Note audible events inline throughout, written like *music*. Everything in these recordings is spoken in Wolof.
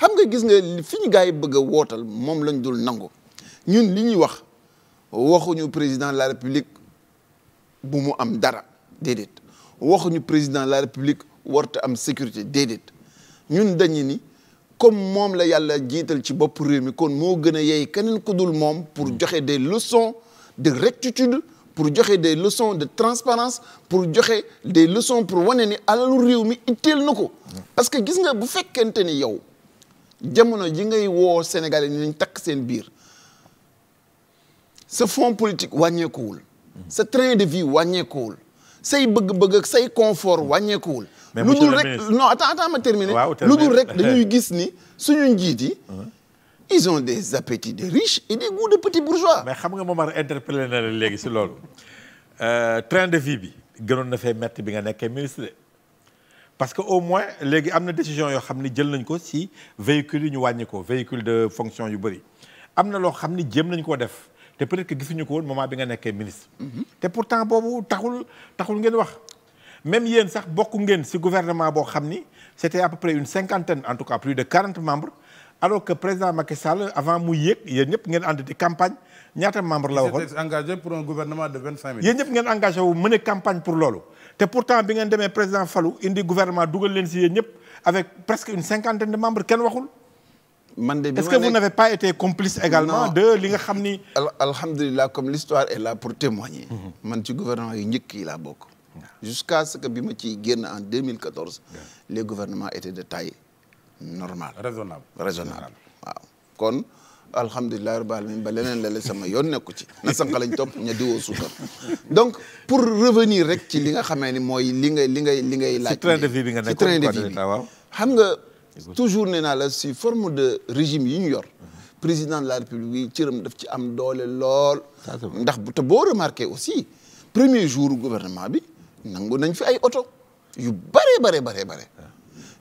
xam nga gis nga fi ñu gars yi bëgg wootal moom lañ dul nangu ñun li ñuy wax waxuñu président de la république bu mu am dara déedéet waxuñu président de la république warta am sécurité déedéet ñun dañu ni comme moom la yàlla jiital ci bopp réew mi kon moo gën a yey keneen ku dul moom pour joxe des leçons de rectitude pour joxe des leçons de transparence pour joxe des leçons pour wane ni alalu réew mi itteel na ko parce que gis nga bu fekkente ni yow jamono ji ngay woo Sénégalais ni nañ takk seen biir sa fond politique wàññeekuwul sa train de vie wàññeekuwul say bëgg-bëgg ak say confort wàññeekuwul lu dul rek non attends attends ma terminer lu dul rek dañuy *laughs* gis ni suñu njiit yi uh-huh. ils ont des appétits de riches et des goûts de petits bourgeois mais xam nga Momar interpellé na la léegi si loolu euh, train de vie bi gënoon na fay metti bi nga nekkee ministre parce que au moins léegi am na décision yoo xam ne jël nañ ko si véhicule yi ñu wàññi ko véhicule de fonction yu bëri am na loo xam ni jéem nañ koo def te peut-être que gisuñu ko woon moment bi nga nekkee ministre. Mhm. te pourtant boobu taxul taxul ngeen wax. même yéen sax bokk ngeen si gouvernement boo xam ni c'était à peu près une cinquantaine en tout cas plus de quarante membres alors que président Macky avant mu yéeg yéen ñëpp ngeen ànd di campagne ñaata membre la waxoon. engagé pour un gouvernement de vingt-cinq mille. yéen ñëpp te pourtant bi ngeen demee président Fallou indi gouvernement dugal leen si yéen ñëpp avec presque une cinquantaine de membres kenn waxul. man de bi est-ce que vous n'avez pas été complice également. de li nga xam ni. alhamdulilah comme l'histoire est là pour témoigner. Mhm. man ci gouvernement yu njëkk yi bokk. jusqu'à ce que bi ma ciy génn en 2014. les gouvernements étaient de taille normal raisonnable raisonnable waaw alhamdulilah rabbil alamin ba leneen la sama yoon nekku ci na sànq lañ topp ña diwoo suukar donc pour revenir rek ci li nga xamee ni mooy li ngay li ngay li ngay laaj ci train de vie bi nga nekk train de vie bi xam nga toujours nee naa la si forme de régime yi ñu yor président de la république yi cëram daf ci am doole lool ndax te boo remarqué aussi premier jour gouvernement bi nangu nañ fi ay oto yu bare bare bare bare ah.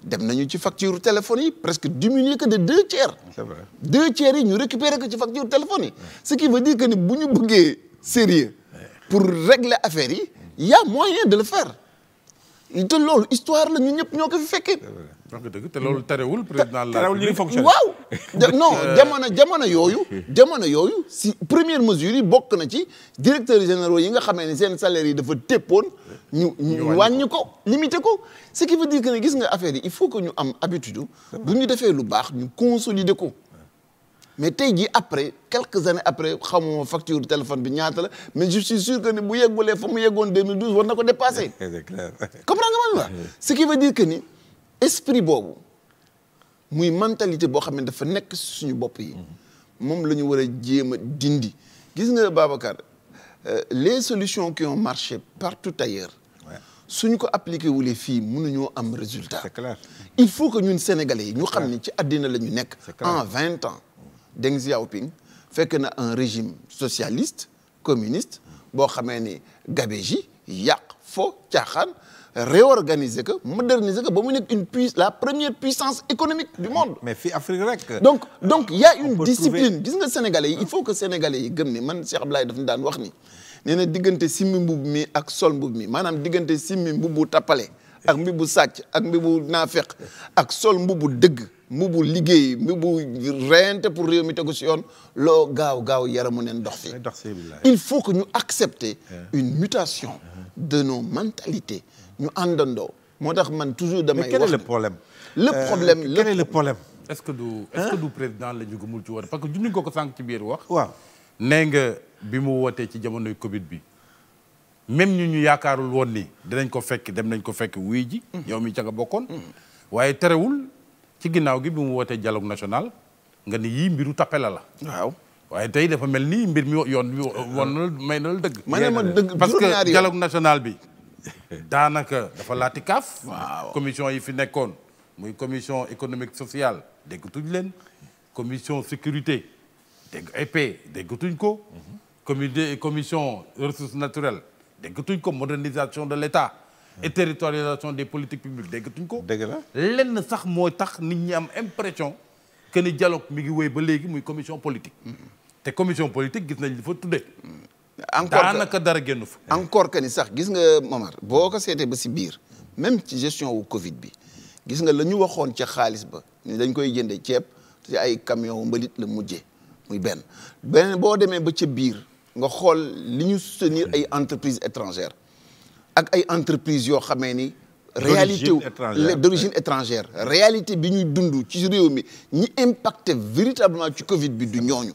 dem nañu ci facture téléphone yi presque diminuer que de deux tiers. c'est vrai deux tiers yi ñu récupérer ko ci facture téléphone yi. ce qui veut dire que ni bu ñu bëggee sérieux pour régler affaire yi y a moyen de le faire te loolu histoire la ñu ñëpp ñoo ko fi fekkee. wax nga te loolu terewul président la terewul waaw non euh, jamono jamono yooyu jamono yooyu si première mesure yi bokk na ci directeurs généraux yi nga xamee ne seen salaire yi dafa téppoon ñu ñu wàññi ko limité ko ce qui veut dire que ne gis nga affaire yi il faut que ñu am habitude bu ñu defee lu baax ñu consolider ko mais tey jii après quelques années après xamuma facture téléphone bi ñaata la mais je suis sûr que ni bu yeggulee fa mu yeggoon 2012 na ko dépasser *laughs* c'est clair comprends ma la qui veut dire que esprit boobu muy mentalité boo xam ne dafa nekk suñu bopp yi moom la ñu war a jéem a dindi gis nga Babacar euh, les solutions qui ont marché partout ailleurs suñu ko appliqué wulee fii mënuñoo am résultat c'est il faut que ñun sénégalais yi ñu xam ne ci àddina la ñu nekk en vingt ans Deng Xiaoping fekk na un régime socialiste communiste boo xamee ni gabegie yàq fo caaxaan réorganiser ko moderniser ko ba mu nekk une puiss la première puissance économique du monde. mais fii Afrique rek. donc donc y a une discipline gis nga sénégalais yi il faut que sénégalais yi gëm ni man Cheikh Abdoulaye daf ñu daan wax ni nee na diggante simmi mbubb mi ak sol mbubb mi maanaam diggante simmi mbubbu tappale ak mbubbu sàcc ak mbubbu naafeq ak sol mbubbu dëgg. mu bu liggéey mu bu reyante pour réew mi tegu si yoon loo gaaw gaaw yaramu neen dox fi il faut que ñu accepter une mutation de nos mentalités ñu àndandoo moo tax man toujours damay wax mais le problème le euh, problème euh, est le problème est-ce que du est-ce que président la ñu gëmul ci war parce que junni ko ko sànq ci biir wax waaw nee nga bi mu wootee ci jamonoy Covid bi même ñu ñu yaakaarul woon ni dinañ ko fekk dem nañ ko fekk wuy ji mm-hmm. yow mi ca nga bokkoon mm-hmm. waaye terewul ci ginnaaw gi bi mu wootee dialogue national nga ne yii mbiru tappela la waaw waaye tey dafa mel ni mbir mi yoon bi woon na may na la dëgg parce que dialogue national bi daanaka dafa laati kaaf commission yi fi nekkoon muy commission économique sociale déggatuñ leen commission sécurité dégg EP déggatuñ ko mhm. comité commission ressources naturelles déggatuñ ko modernisation de l' état et territorialisation des politiques publiques déggatuñ ko. dëgg la lenn sax mooy tax nit ñi am impression que ni dialogue mi ngi wéy ba léegi muy commission politique. te commission politique gis nañ li fa tuddee. encore daanaka dara génn fa. encore que ni sax gis nga Momar boo ko seetee ba si biir même ci gestion wu Covid bi gis nga la ñu waxoon ca xaalis ba ni dañ koy jëndee ceeb ci ay camion mbalit la mujjee muy benn benn boo demee ba ca biir nga xool li ñu soutenir ay entreprises étrangères. ak ay entreprises yoo xamee ni réalité d'origine étrangère réalité bi ñuy dundu ci réew mi ñi impacte véritablement ci Covid bi du ñooñu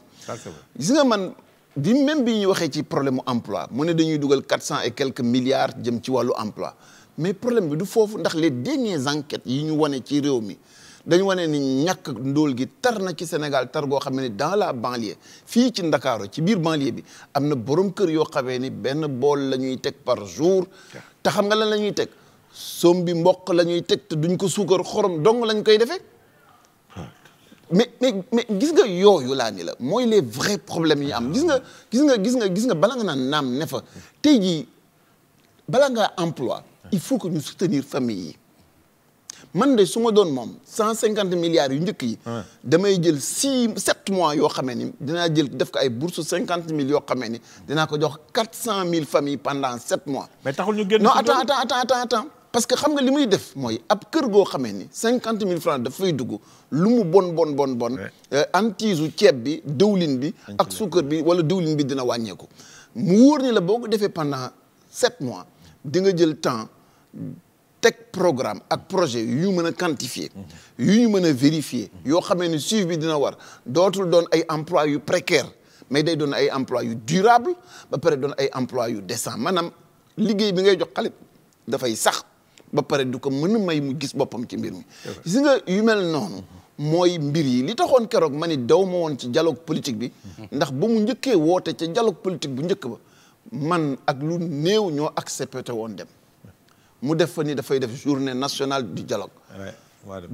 gis nga man di même bi ñuy waxee ci problème mu emploi mu ne dañuy dugal quatre cent et quelques milliards jëm ci wàllu emploi mais problème bi du foofu ndax les dernières enquêtes yi ñu wane ci réew mi dañu wane ni ñàkk ndóol gi tar na ci Sénégal tar goo xam ne dans la banlieue fii ci Ndakaaru ci biir banlieue bi am na borom kër yoo xamee ni benn bool la ñuy teg par jour te xam nga lan la teg som bi mboq lañuy ñuy teg te duñ ko suukar xorom dong lañ koy defee mais mais gis nga yooyu laa la mooy les vrais problèmes yi am gis nga gis nga gis nga gis nga bala nga naan naam ne fa tey jii bala ngaa emploi il faut que ñu soutenir famille yi man de suma doon moom cent cinquante milliards yu njëkk yi. damay jël six sept mois yoo xamee ni dinaa jël def ko ay bourse cinquante mille yoo xamee ni dinaa ko jox quatre cent mille familles pendant sept mois. mais taxul ñu génn non attends attends attends attends parce que xam nga li muy def mooy ab kër goo xamee ni cinquante mille francs dafay dugg lu mu bon bon bon bon. Euh, antiisu ceeb bi diwlin bi. ak suukar bi wala diwlin bi dina wàññeeku. mu wóor ni la boo ko defee pendant sept mois di nga jël temps. teg programme ak projet yu mën a quantifier yu ñu mën a vérifier yoo xamee ni suivi bi dina war dootul doon ay emploi yu précaire mais day doon ay emploi yu durable ba pare doon ay emploi yu décent maanaam liggéey bi ngay jox xale dafay sax ba pare du ko mën a may mu gis boppam ci mbir mi si nga yu mel noonu mooy mbir yi li taxoon keroog ma ni daw ma woon ci dialogue politique bi ndax ba mu njëkkee woote ca dialogue politique bu njëkk ba man ak lu néew ñoo accepté woon dem mu def fa ni dafay def journée nationale du dialogue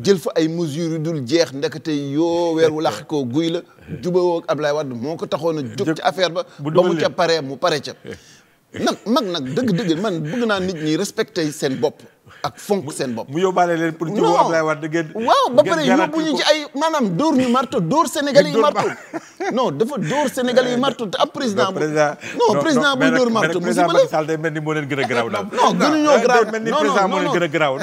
jël fa ay mesures yu dul jeex ndekete yoo weer wu lax koo guy la *laughs* juba ab ak Ablaye Wade moo ko taxoon a *laughs* jóg ci affaire ba ba mu ca paree mu pare ca *laughs* nag mag nag dëgg-dëgg man bëgg naa nit ñi respecté seen bopp ak fonk seen bopp. mu yóbbaale leen pour ci woo Ablaye Wade ngeen waaw ba pare yóbbu ñu ci ay maanaam dóor ñu marto dóor Sénégal yi marto *laughs* non dafa dóor Sénégal yi marto te ab président bu non président bu dóor marto président Macky Sall day mel ni moo leen gën a garaaw daal non gënuñoo ni président moo leen gën a garaaw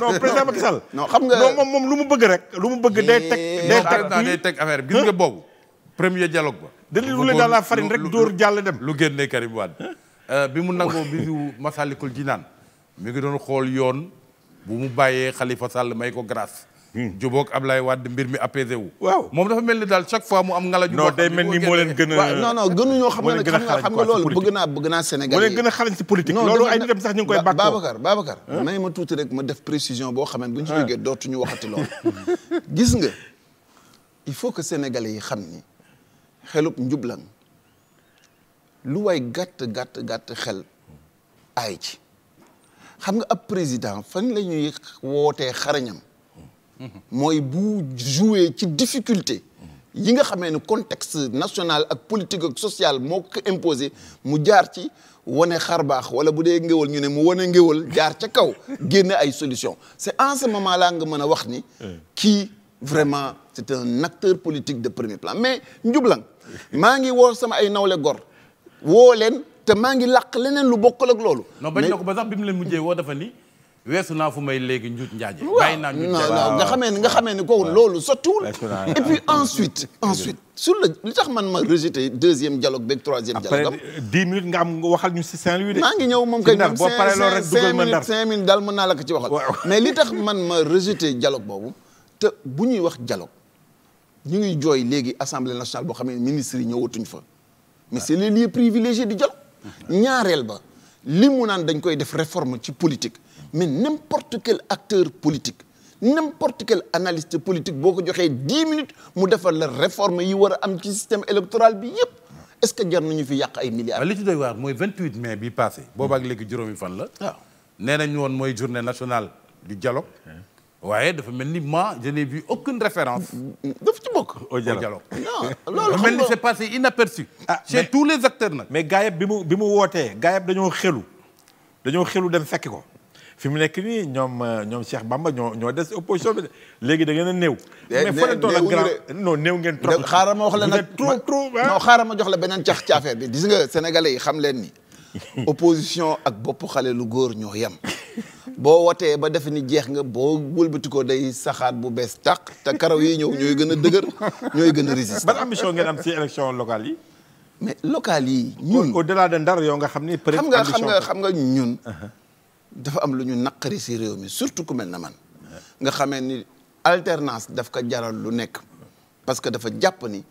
xam nga moom moom lu mu bëgg rek lu mu bëgg day teg eh, day teg day teg affaire gis nga boobu premier dialogue ba dañuy rouler dans la farine dem lu génnee Karim Wade euh, bi mu nangoo bi Massalikul Jinaan mi ngi doon xool yoon bu mu bàyyee xalifa Sall may ko grâce. Hmm. jubóog Ablaye Wade mbir mi apaisé wu. waaw moom dafa mel ni daal chaque fois mu am ngalaju. non day mel ni moo leen gën a non non gënuñoo xam nga naa bëgg naa Sénégal yi moo leen a xarañ ci politique. loolu ay nitam sax ñu ngi koy bàkkoo Babacar hmm. may ma tuuti rek ma def précision boo xam ne bu ñu ci hmm. jógee dootuñu waxati loolu. *laughs* gis nga il faut que Sénégalais yi xam ni xelub njublan lu way gàtt gàtt gàtt xel aay ci. xam nga ab président fan la ñuy wootee xarañam mooy bu jouer ci difficulté yi nga xamee ne contexte national ak politique ak social mook ko imposé mu jaar ci wane xar baax wala bu dee ngéwal ñu ne mu wane ngéwal jaar ca kaw génn ay solution c'est en ce moment nga mën a wax ni kii vraiment c'est un acteur politique de premier plan mais njublang maa ngi woo sama ay nawle gor woo leen te maa ngi làq leneen lu bokkal ak loolu. non bañ na ba naa fu may léegi njuut njaaje. nga xamee ni nga xamee ni kooku loolu sottiwul. et puis ensuite. ensuite sur le li tax man ma rejeté deuxième dialogue beeg troisième dialogue. après dix minutes nga am waxal ñu si Saint-Louis ngi ñëw moom naa la ko ci waxal. mais li tax man ma rejeté dialogue boobu. te bu ñuy wax dialogue ñu ngi jooy léegi assemblée nationale boo xam ne ministres yi ñëwatuñ fa. mais c'est les lieux privilégiés du ñaareel ba li mu naan dañ koy def réforme ci politique mais n'importe quel acteur politique n'importe quel analyste politique boo ko joxee dix minutes mu defal la réforme yi war a am ci système électoral bi yëpp est-ce que jar nañu fi yàq ay milliards. li ci waar mooy 28 mai bi passé. boobaak léegi juróomi fan la. Ah. nee nañu woon mooy journée nationale du dialogue. waaye dafa mel ni ma je n'ai vu aucune référence. dafa ci bokk au dialogue non *laughs* loolu xam mel ni c'est passé inaperçu. ah chez tous les acteurs nag. mais gaayab bi mu bi mu wootee gaayab dañoo xelu dañoo xelu dem fekki ko fi mu nekk nii ñoom euh, ñoom Cheikh Bamba ñoo ñoo des opposition bi léegi da ngeen néew. Eh, mais foo leen toll ak néew ngeen trop. xaaral ma wax la nag trop trop non xaaral ma jox la beneen cax ci affaire bi gis nga sénégalais yi xam leen ni *laughs* opposition ak bopp xale lu góor ñoo yem. *laughs* boo wotee ba defe ni jeex nga boo wëlbatikoo day saxaat bu bees tàq te karaw yi ñëw ñooy gën a dëgër ñooy gën a résister. ban ambition ngeen am locale yi. mais yi. ñun au de Ndar yow nga xam ni. peut xam nga xam nga xam nga uh-huh. dafa am lu ñu naqari ci réew mi surtout ku mel na man. nga xamee ni alternance daf ko jaral lu nekk. parce que dafa jàpp ni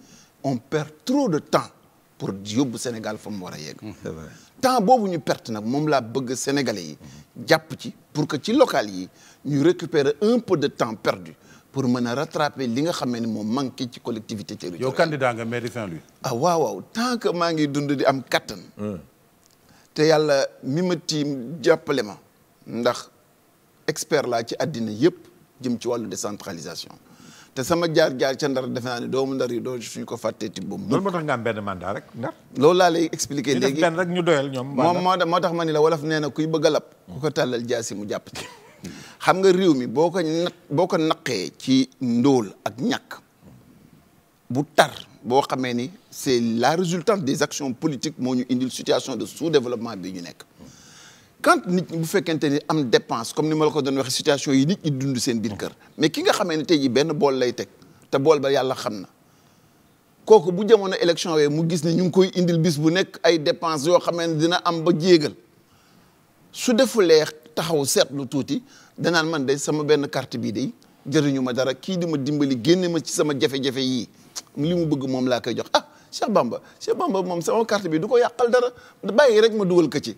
on perd trop de temps pour yóbbu Sénégal fa mu war a yegg. Mm-hmm. temps boobu ñu perte nag moom laa bëgg Sénégalais yi. Mm-hmm. jàpp ci pour que ci local yi ñu récupérer un peu de temps perdu pour mën a rattraper li nga xam ne moom manqué ci collectivité territoriale. yow candidat nga mairie Saint-Louis. ah waaw waaw tant que maa ngi dund di am kattan. Hmm. te yàlla mi ma tiim jàppale ma. ndax expert laa ci àddina yëpp jëm ci wàllu décentralisation. te sama jaar-jaar ca ndar defe naa ne doomu ndar yi doo suñu ko fàtteeti boobu. loolu moo tax nga am benn mandat rek ndar. loolu laa expliquer léegi ñu def rek ñu doyal ñoom. moom moo moo tax ma ni la wolof nee na kuy bëgg a lab. ku ko tàllal jaasi mu jàpp ci. *laughs* xam nga réew mi boo ko nat boo ko naqee ci ndóol ak ñàkk bu tar boo xamee ni c'est la résultante des actions politiques moo ñu indil situation de sous-développement bi ñu nekk. quand nit ñi bu fekkente ni am dépense comme ni ma ko doon waxee situation yi nit ñi dund seen biir kër mais ki nga xamee ne tey jii benn bool lay teg te bool ba yàlla xam na kooku bu jamono élection wee mu gis ni ñu ngi koy indil bis bu nekk ay dépense yoo xamee ne dina am ba jéegal su defu defulee taxaw seetlu tuuti danaan man de sama benn carte bii de jëriñu ma dara kii di ma dimbali génne ma ci sama jafe-jafe yii li mu bëgg moom laa koy jox ah Cheikh Bamba Cheikh Bamba moom sama carte bi du ko yàqal dara bàyyi rek ma dugal ko ci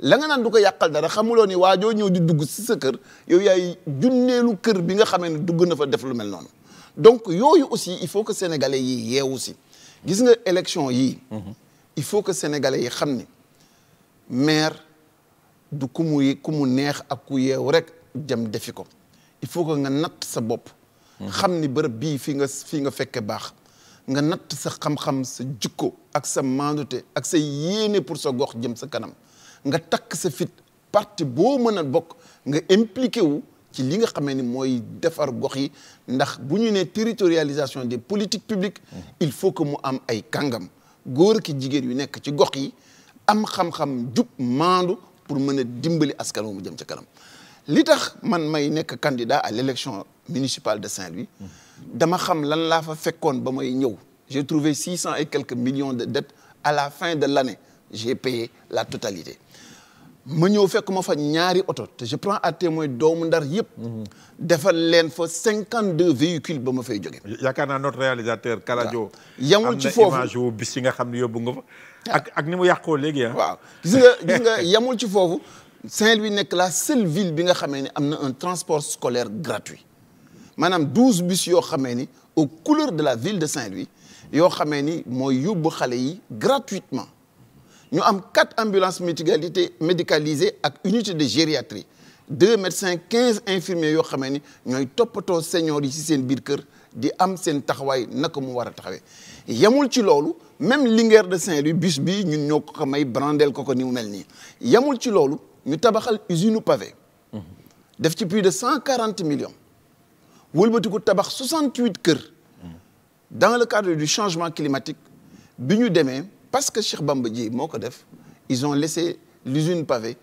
la nga naan du ko yàqal dara xamuloo ni waajoo ñëw di dugg si sa kër yow yaay junneelu kër bi nga xamee ne dugg na fa def lu mel noonu donc yooyu aussi il faut que sénégalais yi yeewu si gis nga élection yi mhm. il faut que sénégalais yi xam ni maire du ku mu ku neex ak ku yeew rek jëm defi ko il faut que nga natt sa bopp mhm. xam ni bërëb bii fii nga fii nga fekke baax nga natt sa xam-xam sa jikko ak sa maandute ak sa yéene pour sa gox jëm sa kanam nga takk sa fit parti boo mën a bokk nga impliqué wu ci li nga xamee ni mooy defar gox yi ndax bu ñu nee territorialisation des politiques publiques il faut que mu am ay kàngam góor ki jigéen yu nekk ci gox yi am xam-xam jub maandu pour mën a dimbali askan wu mu jëm ca kanam li tax man may nekk candidat à l'élection municipale de Saint-Louis dama xam lan laa fa fekkoon ba may ñëw j'ai trouvé six cent et quelques millions de dettes à la fin de lane j'ai payé la totalité ma ñëw fekk ma fa ñaari oto te je prends à témoin doomu ndar yëpp. defal leen fa cinquante deux véhicules ba ma fay jóge. yaakaar naa notre réalisateur. Kalajo yamul ci foofu am na yi nga xam ne yóbbu nga fa. Ah. ak ak ni mu yàqoo léegi ah. waaw gis nga gis yamul ci foofu. Saint-Louis nekk la seule ville bi nga xamee ni am na un transport scolaire gratuit maanaam douze bus yoo xamee ni aux couleurs de la ville de Saint-Louis yoo xamee ni mooy yóbbu xale yi gratuitement. ñu am quatre ambulances mutualité médicalisées ak unité de gériatrie deux médecins quinze infirmiers yoo xamee ni ñooy toppatoo seniors yi si seen biir kër di am seen taxawaay naka mu war a taxawee yamul ci loolu même Linguère de Saint-Louis bus bii ñun ñoo ko ko may brandeel ko ko ni mu mel nii yamul ci loolu ñu tabaxal usine pavé def ci plus de cent quarante millions walbatiku tabax soixante huit kër dans le cadre du changement climatique bi ñu demee parce que Cheikh Bamba Dièye moo ko def ils ont laissé l'usine pavée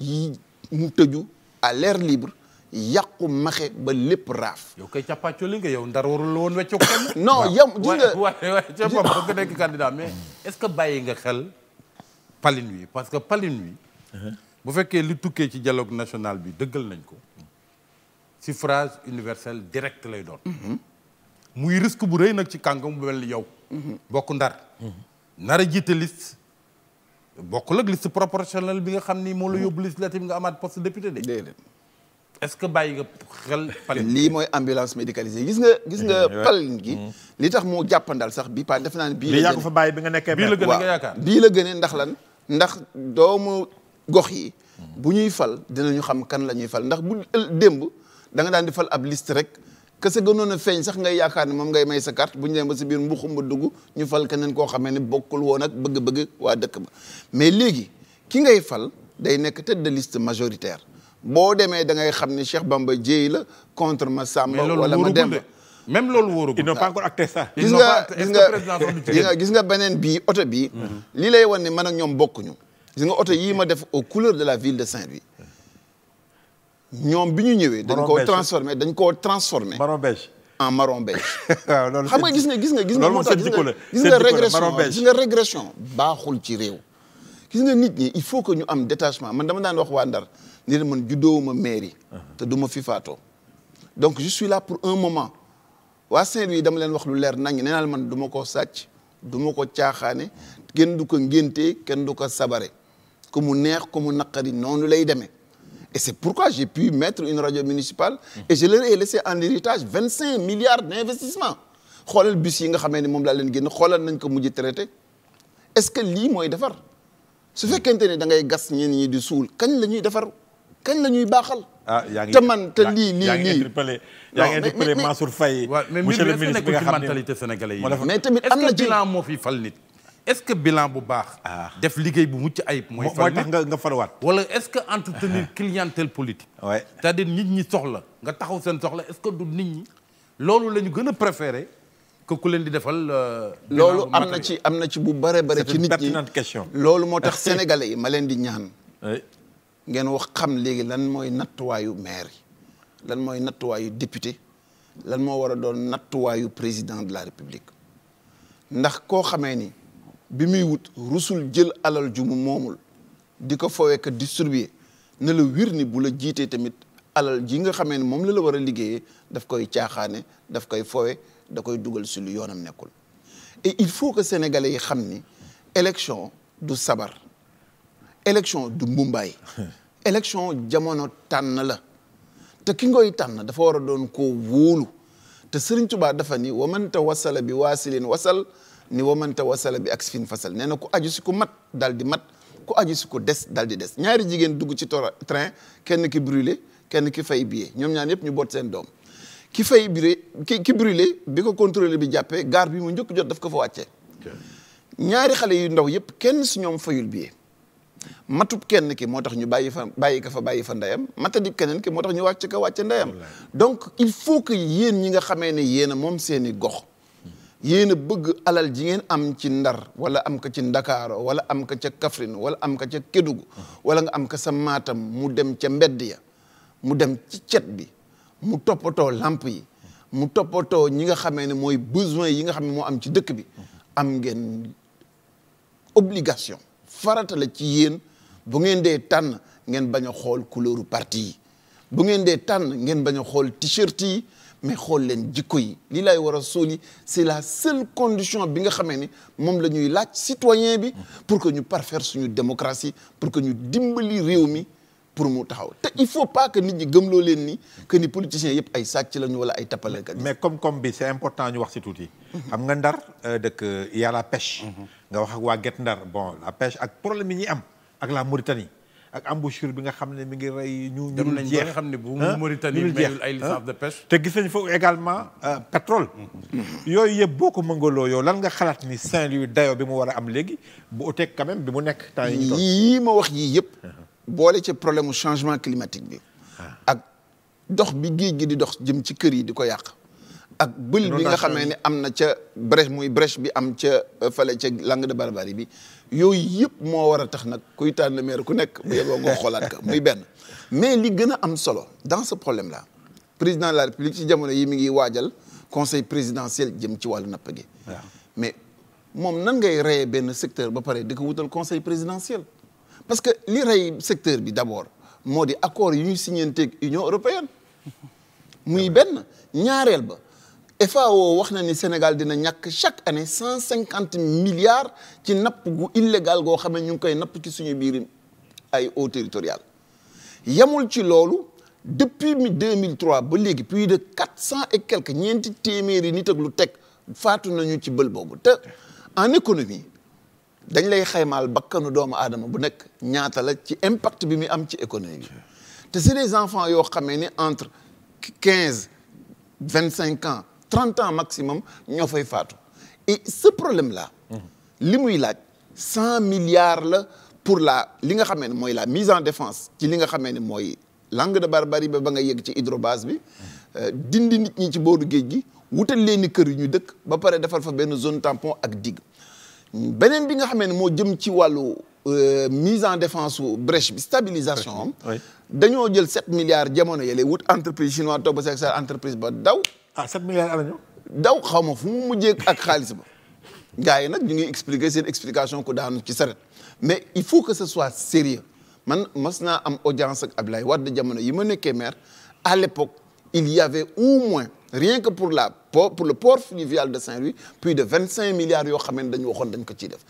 yi tëju à l'air libre yàqu maxe ba lépp raaf. yow kay cappaaccio li nga yow ndar warul woon weccu kenn. *coughs* non *coughs* mais est-ce que bàyyi nga xel Paline wi parce que Paline wi. bu fekkee li tukkee ci dialogue national bi dëggal nañ ko. suffrage universel direct lay doon. Mm-hmm. muy risque bu rëy nag ci kàngam bu mel ni yow. Mm-hmm. ndar. Mm-hmm. nar a jiite liste bokkul ak liste proportionnelle bi nga xam ni moo la yóbbu législative nga amaat poste député de. déedéet est-ce que bàyyi nga xel. Palin lii mooy ambulance médicalisée gis nga. gis nga Palin gi. Mm-hmm. li tax moo jàppandal sax bi paa def naa ne. bii la gën a fa bàyyi bi nga nekkee bii la gën a yaakaar bii la gën ndax lan ndax doomu gox yi. Mm-hmm. bu ñuy fal dinañu xam kan la ñuy fal ndax bu démb da nga daan di fal ab liste rek. kese gënoon a feeñ sax ngay yaakaar ne moom ngay may sa carte bu ñu demee ba si biir mbuxum ba dugg ñu fal keneen koo xamee ne bokkul woon ak bëgg-bëgg waa dëkk ba mais léegi ki ngay fal day nekk tête de liste majoritaire boo demee dangay xam ne Cheikh Bamba Dièye la contre Massamba wala ma dem même loolu wóorugul. ils n'ont pas encore gis nga gis nga gis nga beneen bii oto bii. Mhm. lii lay wan ne man ak ñoom bokkuñu. gis nga oto yii ma def aux couleurs de la ville de Saint-Louis. ñoom bi ñu ñëwee. dañ koo transformé dañ koo transformé. marron beige en marron beige. *laughs* waaw loolu xam nga gis nga gis nga. gis nga moo tax gis nga gis nga régression gis nga baaxul ci réew. gis nga nit ñi il faut que ñu am détachement man dama daan wax waan Ndar ni man man ma mairie. te duma ma fi faatoo. donc je suis là pour un moment waa Saint-Louis dama leen wax lu leer nañ nee naa man duma koo ko sàcc du ma ko caaxaane kenn du ko ngéntee kenn du ko sabare ku mu neex ku mu naqari noonu lay demee. Et c'est pourquoi j'ai pu mettre une radio municipale et je leur ai laissé en héritage 25 milliards d'investissements. xoolal bus yi nga xamee ne moom laa leen génn xoolal nañ ko mujj traité est-ce que lii mooy defar su fekkente ne da ngay gas ñenn nii di suul kañ la ñuy defar kañ la ñuy baaxal. ah yaa lii lii lii. yaa ngi interpellé yaa ngi interpellé Mansour Faye. monsieur le tamit am na ci bilan moo fi fal nit. est-ce que bilan bu baax. Ah. def liggéey bu mucc ayib. mooy fal tax nga nga farwaat. wala est-ce que entretenir *laughs* clientèle politique. waay cest nit ñi soxla nga taxaw seen soxla est-ce que du nit ñi loolu la ñu gën a préféré. que ku leen di defal. Euh, loolu am na ci am na ci bu bare bare ci nit ñi c'est une question. *laughs* loolu moo tax *laughs* sénégalais yi ma leen di ñaan. ngeen wax xam léegi lan mooy nattuwaayu maire yi lan mooy nattuwaayu député lan moo war a doon nattuwaayu président de la république ndax koo xamee ni. bi muy wut rusul jël alal ju moomul di ko foowee ko distribuer ne la wir ni bu la jiitee tamit alal ji nga xamee ne moom la la war a liggéeyee daf koy caaxaane daf koy fowe da koy dugal si lu yoonam nekkul il faut que sénégalais yi xam ni élection du sabar élection du mbumbaay *laughs* élection jamono tànn la te ki ngoy tànn dafa war a doon ko wóolu te Sëriñ Tuubaa dafa ni wa man tawassala bi waasilin wasal ni wa man tawassala bi aksfin fasal nee na ku aju si ku mat dal di mat ku aju si ku des dal di des ñaari jigéen dugg ci train kenn ki brûlé kenn ki fay billet ñoom ñaan yëpp ñu boot seen doom ki fay brûlé ki ki brûlé bi ko contrôlé bi jàppee gaar bi mu njëkk jot daf ko fa wàccee ñaari xale yu ndaw yëpp kenn si ñoom fayul billet matub kenn ki moo tax ñu bàyyi fa bàyyi ka fa bàyyi fa ndeyam matadib keneen ki moo tax ñu wàcc ka wàcce ndeyam donc il faut que yéen ñi nga xamee ne yéen a moom seeni gox yéen a bëgg alal ji ngeen am ci ndar wala am ka ci ndakaaro wala am ka ca Kaffrine wala am ka ca Kédougou wala nga am ka sa maatam mu dem ca mbedd ya mu dem ci cet bi mu toppatoo lamp yi mu toppatoo ñi nga xamee ne mooy besoin yi nga xam ne moo am ci dëkk bi am ngeen obligation farata la ci yéen bu ngeen dee tànn ngeen bañ a xool couleuru parti yi bu ngeen dee tànn ngeen bañ xool t-shirt yi mais xool leen jikko yi lii laay war a sóoli c'est la seule condition bi nga xamee ni moom la ñuy laaj citoyen bi pour que ñu parfaire suñu démocratie pour que ñu dimbali réew mi pour mu taxaw te il faut pas que nit ñi gëmloo leen ni que ni politiciens yëpp ay sàcc lañu wala ay tappalekat mais comme comme bi c'est important ñu wax si tuuti. xam nga ndar euh, dëkk y la pêche. Mhm. nga wax ak waa Guet Ndar bon la pêche ak problème yi ñuy am ak la Mauritanie. ak embouchure bi nga xam ne mi ngi rey ñu ñu dul nga xam ne bu ah, Mauritanie mayul ay licence ah. de pêche te gis nañ fa également euh, pétrole mm-hmm. yooyu yëpp boo ko mëngaloo lan nga xalaat ni Saint-Louis dayo bi mu war a am léegi bu uteeg quand même bi mu nekk temps yii ma wax yii yëpp boole ci problème changement climatique bi ah. ak dox bi géej gi di dox jëm ci kër yi di ko yàq ak bël bi nga xamee ne am na ca brèche muy brèche bi am ca euh, fale ca langue de barbarie bi yooyu yëpp moo war a tax nag kuy tànn maire ku nekk bu yeboo nga xoolaat ko muy benn mais li gën a am solo dans ce problème là président la république ci jamono yi mi ngi waajal conseil présidentiel jëm ci wàllu napp gi mais moom nan ngay reyee benn secteur ba pare di ko wutal conseil présidentiel parce que li rey secteur bi d'abord moo di accord yu ñu signéenteeg union européenne muy benn ñaareel ba FAO wax na ni Sénégal dina ñàkk chaque année cent cinquante milliards ci napp gu illégal goo xam ne ñu ngi koy napp ci suñu biir ay eaux territoriales yemul ci loolu depuis 2003 ba léegi plus de quatre cent et ñeenti téeméeri nit lu teg faatu nañu ci bël boobu te en économie dañ lay xaymaal bakkanu doomu aadama bu nekk ñaata la ci impact bi muy am ci économie bi te c'est des enfants yoo xamee ne entre quinze vingt cinq ans trente ans maximum ñoo fay faatu et ce problème là li muy laaj cent milliards la pour la li nga xamee ne mooy la mise en défense ci li nga xamee ne mooy langue de barbarie ba ba nga yegg ci hydrobase bi euh, dindi nit ñi ci booru géej gi wutal leen ni kër yu ñu dëkk ba pare defar fa benn zone tampon ak digue beneen bi nga xamee ne moo jëm ci wàllu euh, mise en défense su brèche bi stabilisation am dañoo jël sept milliards jamono yële wut entreprise chinoise toog ba a entreprise ba daw ah 7 daw xaw ma fu mu mujjee ak xaalis ba gars yi nag ñu ngi expliquer seen explication ku daanu ci saret mais il faut que ce soit sérieux man mas naa am audience ak Ablaye Wade jamono yi ma nekkee maire à l'époque il y au moins rien que pour la pour le port fluvial de Saint-Louis plus de vingt cinq milliards yoo xam ne dañu waxoon dañ ko ciy def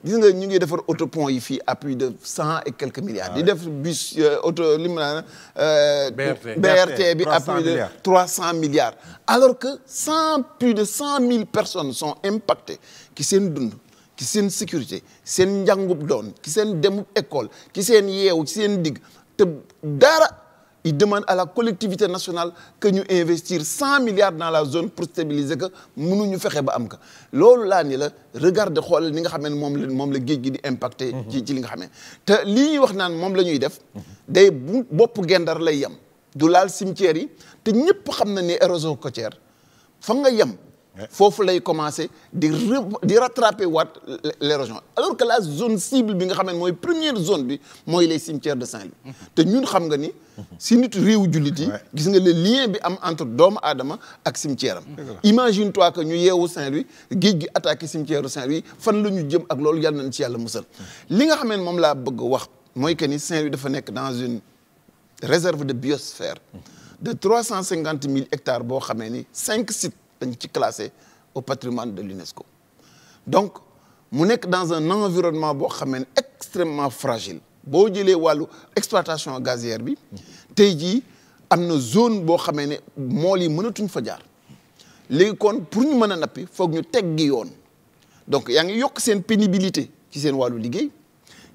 gis nga ñu ngi defar autopont yi fii à plus de cent et quelques milliards. Ah di def bus euh, auto li mu naan. Euh, BRT bi à plus de trois cent milliards. alors que cent plus de cent mille personnes son impactées ki seen dund ki seen sécurité seen njàngub doon ci seen demub école ci seen yeewu ci seen digg te dara. il demande à la collectivité nationale que ñu investir cent milliards dans la zone pour stabiliser que mënuñu fexe ba am ka loolu laa ni la regarde xool ni nga xam ne moom la moom la géej gi di impacté. ci ci li nga xam ne te lii ñuy wax naan moom la ñuy def. day bu bopp gendar lay yem. du laal cimetière yi te ñëpp xam na ne érosion côtière fa nga yem. foofu lay commencé di di rattraper waat l'érosion alors que la zone cible bi nga xam ne mooy première zone bi mooy les cimetières de saint si nit réewu jullit yi gis nga le lien bi am entre doomu aadama ak cimetière am imagine toi que ñu yeewu Saint-Louis géej gi attaqué cimetière u saint fan la ñu jëm ak loolu yàlla nañ ci yàlla musal li nga xamee moom laa bëgg wax mooy que ni Saint-Louis dafa nekk dans une réserve de biosphère de trois cent cinquante mille hectares boo xamee ni cinq sites dañ ci classé au patrimoine de l'UNESCO donc mu nekk dans un environnement boo xamee ni extrêmement fragile boo jëlee wàllu exploitation gazière bi tey jii am na zone boo xamee ne mool yi mënatuñ fa jaar léegi kon pour ñu mën a nappi foog ñu teggi yoon donc yaa ngi yokk seen pénibilité ci seen wàllu liggéey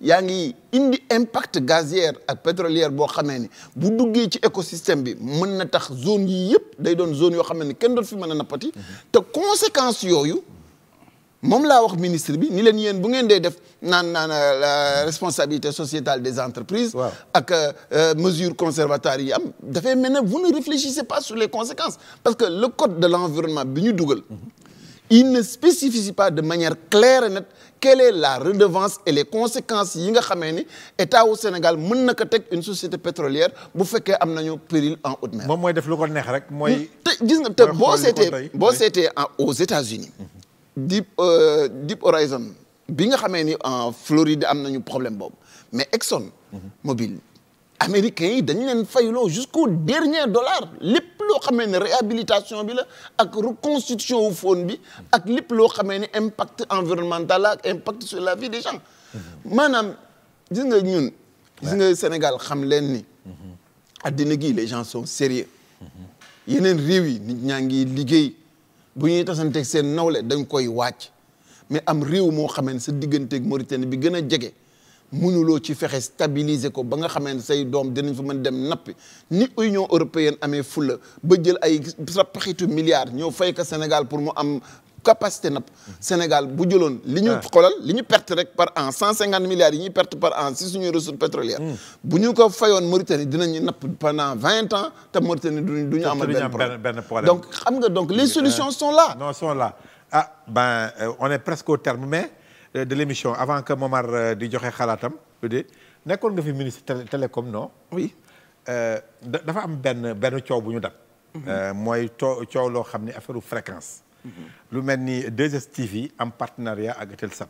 yaa ngi indi impact gazière ak pétrolière boo xamee ne bu duggee ci écosystème bi mën na tax zone yii yëpp day doon zone yoo xamee ne kenn doon fi mën a nappati mhm. te conséquences yooyu moom laa wax ministre bi ni leen yéen bu ngeen dee def naan naan euh, la responsabilité sociétale des entreprises ak euh, euh, mesures conservatoires yi am dafay mel ne vous ne réfléchissez pas sur les conséquences parce que le code de l'environnement bi ñu dugal mhm. il ne spécifice pas de manière claire et nette la redevance et les conséquences yi nga xamee ni état wu Sénégal mën na ko teg une société pétrolière bu fekkee am nañu péril en haute mer. moom mooy def lu ko rek mooy. te gis nga te boo seetee boo seetee aux états mhm. Deep euh, Deep Horizon bi nga xamee ni en Floride am nañu problème boobu mais Exxon mhm. Mobil américains yi dañu leen fayuloo jusqu'au dernier dollar lépp loo xamee ne réhabilitation bi la ak reconstruction wu faune bi ak lépp loo xamee ne impact environnemental la ak impact sur la vie des gens mhm. maanaam gis nga ñun gis nga Sénégal xam leen ni addina mhm. gi les gens sont sérieux yeneen réew yi nit ñaa ngi liggéey bu ñuy tasanteeg seen nawle dañ koy wàcc mais am réew moo xamee sa digganteeg Mauritanie bi gën a jege munuloo ci fexe stabiliser ko ba nga xamee say doom dinañ fa mën dem nappi ni Union européenne amee fulla ba jël ay sa paxitu milliards ñoo fay Sénégal pour mu am capacité napp Sénégal bu jëloon li ñu ah. xoolal li ñu perte rek par an cent cinquante milliards yi ñuy perte par an si suñuy ressources pétrolières hmm. bu ñu ko fayoon Mauritanie dinañu napp pendant vingt ans te Mauritanie duñ du ñu a benn problème donc xam nga donc les solutions sont là non sont là ah euh, on est terme mais euh, de l'émission avant que Momar euh, di joxe xalaatam de nekkoon nga fi ministre télécom non oui dafa am benn benn coow bu ñu da mm-hmm. mooy coow loo xam ne affaire fréquence lu mel ni 2STV am partenariat ak Eutelsat.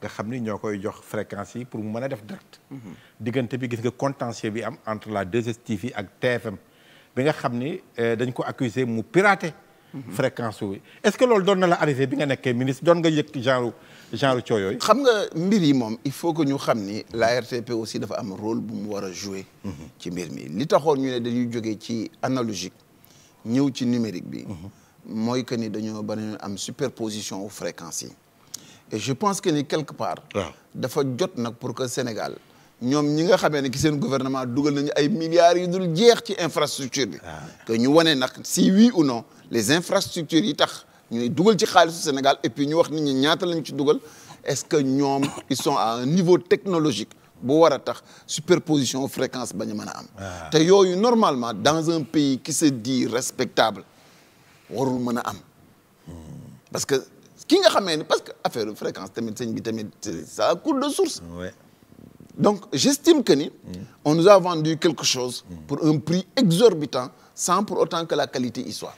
nga xam ni ñoo koy jox fréquence yi pour mu mën a def direct. diggante bi gis nga contentieux bi am entre la 2STV ak TFM bi nga xam ni eh, dañ ko accuser mu pirater. fréquence wu est-ce que loolu doon na la arrivé bi nga nekkee ministre doon nga yëg genre genre coo yooyu. xam nga mbir yi moom il faut que ñu xam ni la RTP aussi dafa am rôle bu mu war a jouer. ci mbir mi li taxoon ñu ne dañuy jógee ci analogique ñëw ci numérique bi. mooy que ni dañoo bari am superposition aux fréquences yi et je pense que ni quelque part dafa jot nag pour que Sénégal ñoom ñi nga xamee ne ki seen gouvernement dugal nañu ay milliards yu dul jeex ci infrastructure bi ah. que ñu wane nag si oui ou non les infrastructures yi tax ñuy dugal ci xaalisu Sénégal et puis ñu wax nit ñi ñaata lañ ci dugal est-ce que ñoom ils sont à un niveau technologique bu war a tax superposition fréquence bañ a mën a am ah. te yooyu normalement dans un pays qui se dit warul mën a am parce que ki nga xamee ni parce que affaire fréquence tamit sëñ bi tamit ça de source donc j'estime que ni mm. on nous a vendu quelque chose mm. pour un prix exorbitant sans pour autant que la qualité y soit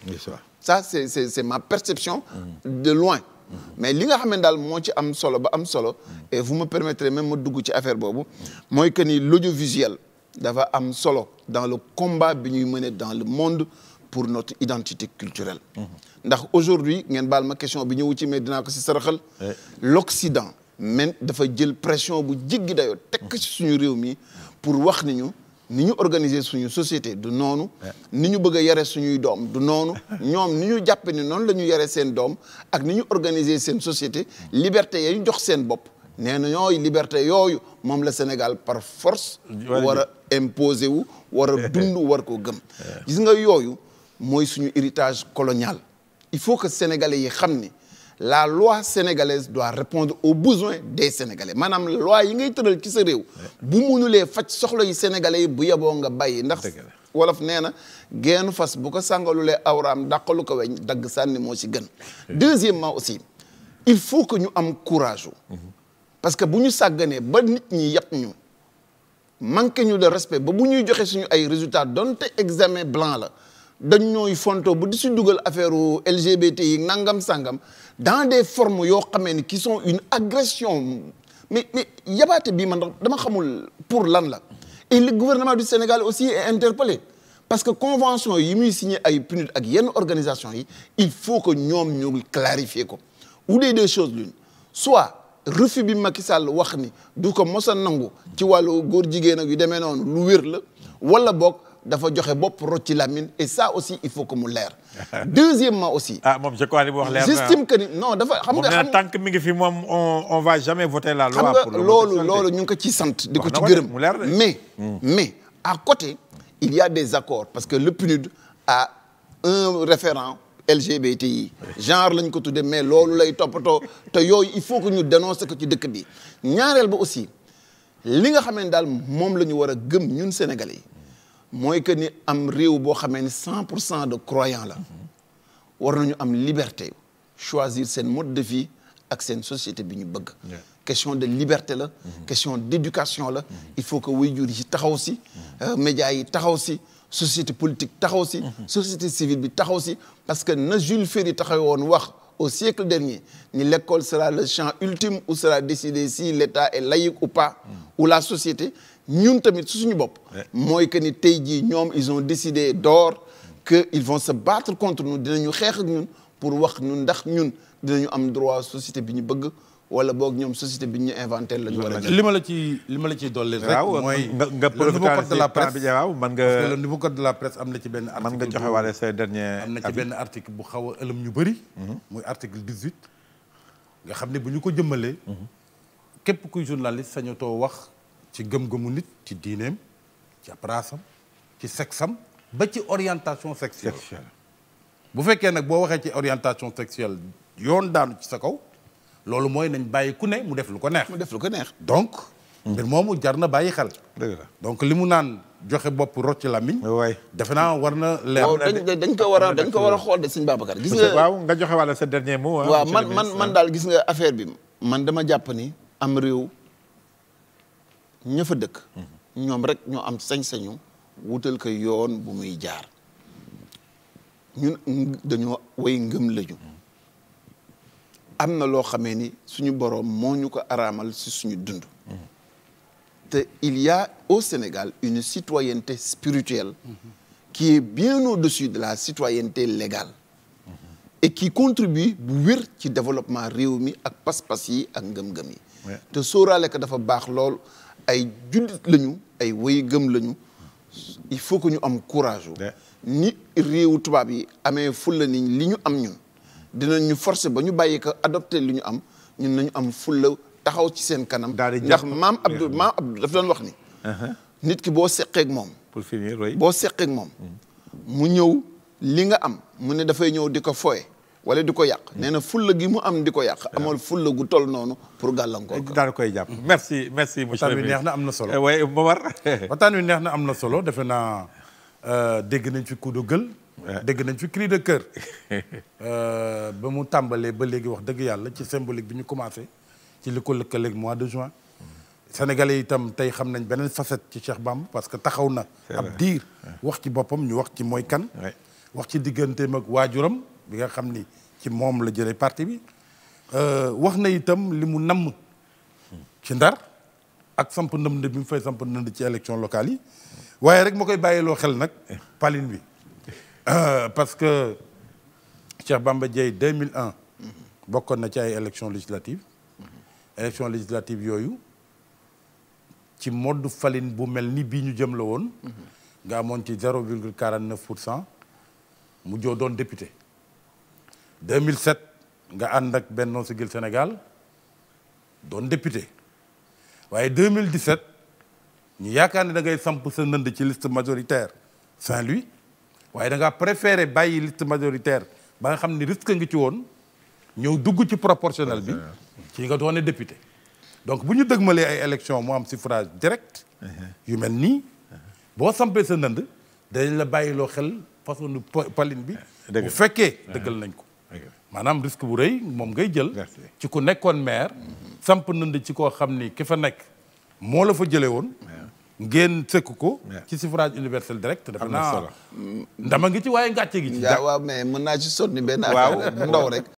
ça c'est c'est ma perception mm. de loin mm-hmm. mais li nga xam ne moo ci am solo ba am solo et vous me permettrez même ma dugg ci affaire boobu mooy que ni l'audiovisuel dafa am solo dans le combat bi ñuy mener dans le monde pour notre identité culturelle ndax aujourd'hui ngeen baal ma question bi ñëwu ci mais dinaa ko si saraxal eh. l'Occident même dafa jël pression bu jiggi dayoo tekk ci suñu réew mi pour wax ni ñu ni ñu organiser suñu société du noonu eh. ni ñu bëgg a yare suñuy doom du noonu *laughs* ñoom ni ñu jàppe ni noonu la ñu yare seen doom ak ni ñu organiser seen société liberté ya ñu jox seen bopp nee na ñooy liberté yooyu moom la Sénégal par force war a imposer wu war *laughs* dund war ko gëm eh. mooy suñu héritage coloniale il faut que sénégalais yi xam ni la loi sénégalaise doit répondre au besoins des sénégalais maanaam loi yi ngay tëral ci sa réew bu munulee faj soxla yi sénégalais yi bu yeboo nga bàyyi ndax wolof nee na geenu fas bu ko sàngalulee awraam dàqalu ko weñ dagg sànni moo si gën deuxièmement aussi il faut que ñu am courage parce que bu ñu sàgganee ba nit ñi yàpp ñu manqué ñu de respect ba bu ñuy joxe suñu ay résultats donte examen blanc la dañ ñooy fonto bu di si dugal affaire LGBT yi nangam sangam dans des formes yoo xamee ni qui sont une agression mais mais yabaate bii man dama xamul pour lan la et le gouvernement du Sénégal aussi est interpellé parce que convention yi muy signé ay PNUD ak yenn organisation yi il faut que ñoom ñu clarifier ko ou des deux choses l'une soit refus bi Macky Sall wax ni du ko mos a nangu ci wàllu góor jigéen ak yi demee noonu lu wér la wala bok dafa joxe bopp rocci lamine et ça aussi il faut que mu leer. *laughs* deuxièmement aussi. ah moom je crois li mu wax leer que ni non dafa xam nga. xam tant ngi fi moom on on va jamais voter la loolu loolu ñu ngi ko ciy sant. di ko ci gërëm mais. Hmm. mais à côté il y des accords parce que le PNUD a un référent. LGBTI genre lañ ko tuddee mais loolu lay toppatoo te yooyu il faut que ñu dénoncer ko ci dëkk bi ñaareel bi aussi li nga xam ne daal moom la ñu war a gëm ñun Sénégalais yi. mooy que ni am réew boo xamee ni cent pour cent de croyants la war ñu am liberté choisir seen mode de vie ak seen société bi ñu bëgg question de liberté la mm-hmm. question d'éducation la mm-hmm. il faut que waajur yi taxaw si mm-hmm. euh, médias yi taxaw si société politique taxaw si société civile bi taxaw si parce que na Jules yi taxaw woon wax au siècle dernier ni l'école sera la champ ultime où sera décidé si l'État est laïque ou pas mm. ou la société ñun tamit su suñu bopp mooy que ni tey jii ñoom ils ont décidé door que ils vont se battre contre nous dinañu xeex ak ñun pour wax ñun ndax ñun dinañu am droit société bi ñu bëgg wala boog ñoom société bi ñu inventé la ñu war li ma la ci li ma la ciy dolli rek mooy nga la presse waaw man nga parce que le nouveau code de la presse ci benn article man nga joxe waale say dernier am na ci benn article bu xaw a ëlëm ñu bëri mhm. muy article 18 nga xam ne bu ñu ko jëmmalee mhm. képp kuy journaliste sañu too wax ci gëm-gëmu nit ci diineem ci apparasam ci sexam ba ci orientation sexuelle bu fekkee nag boo waxee ci orientation sexuelle yoon daanu ci sa kow loolu mooy nañ bàyyi ku ne mu def lu ko neex mu def lu ko neex donc mbir moomu jar na bàyyi xel donc li mu naan joxe bopp rocc làmmiñ waay defe naa war na leer dañ ko war a dañ ko war a xool de sëñ Babacar gis nga waaw nga joxe wàlla sa dernier ah, man man man daal gis nga affaire bi man dama jàpp ni am réew ña fa dëkk ñoom rek ñoo am sañ-sañu wutal ko yoon bu muy jaar ñun dañoo way ngëm lañu am na loo xamee ni suñu boroom moo ñu ko araamal si suñu dund te il y au Sénégal une citoyenneté spirituelle qui est bien au-dessus de la citoyenneté légal et qui contribue bu wér ci développement réew mi ak pas-pas yi ak ngëm-ngëm yi te sóoraale ko dafa baax lool ay jullit lañu ay way gëm lañu il faut que ñu am courage ni réewu tubaab yi amee fulla ni li ñu am ñun ñu forcer ba ñu bàyyi ko adopté li ñu am ñun nañu am fulla taxaw ci seen kanam ndax maam Abdou maam Abdou daf doon wax ni uh-huh. nit ki boo seqeek moom pour finir boo seqeek moom mm. mu ñëw li nga am mu ne dafay ñëw di ko foye wala di ko yàq nee na fulla gi mu am di ko yàq amal fulla gu toll noonu pour gàllankoor daal koy jàpp merci merci monsieur waxtaan wi neex na am na solo eh, waaye Momar *laughs* waxtaan wi neex na am na solo defe naa euh, dégg nañ fi coup de dégg nañ fi cri de cœur *laughs* euh, ba mu tàmbalee ba léegi wax dëgg yàlla ci symbolique bi ñu commencé ci li ko lëkkaleeg mois de juin sénégalais itam tey xam nañ beneen facette ci Cheikh Bamba parce que taxaw na ab diir wax ci boppam ñu wax ci mooy kan wax ci digganteem ak waajuram bi nga xam ni ci moom la jëlee parti bi euh, wax na itam li mu namm ci ndar ak samp ndënd bi mu fay samp ndënd ci élection locale yi waaye rek ma koy bàyyiloo xel nag paline bi euh, parce que Cheikh Bamba Dièye 2001 bokkoon na ci ay élection législative élection législative yooyu ci mode faline bu mel ni bii ñu jëm la woon nga amoon ci zéro virgule quarante neuf pour cent mu joo doon député 2007 nga ànd ak Benno Siggil Sénégal doon député waaye 2017 ñu yaakaar ne da ngay samp sa ndënd ci list majoritaire Saint-Louis waaye da ngaa préféré bàyyi liste majoritaire ba nga xam ni risque ngi ci woon ñëw dugg ci proportionnel bi ci nga doone député donc bu ñu dëgmalee ay élection mu am suffrage direct yu mel nii boo sampee sa ndënd dañ la bàyyiloo xel façon paline bi bu fekkee dëggal nañ ko maanaam risque bu rëy moom ngay jël ci ku nekkoon maire samp nënd ci koo xam ni ki fa nekk moo la fa jële woon ngeen sëkk ko ci suffrage universel direct dafa naa ndama ngi ci waaye ngàcce gi ci waaw mais mën naa ci sonni benn affaire ndaw rek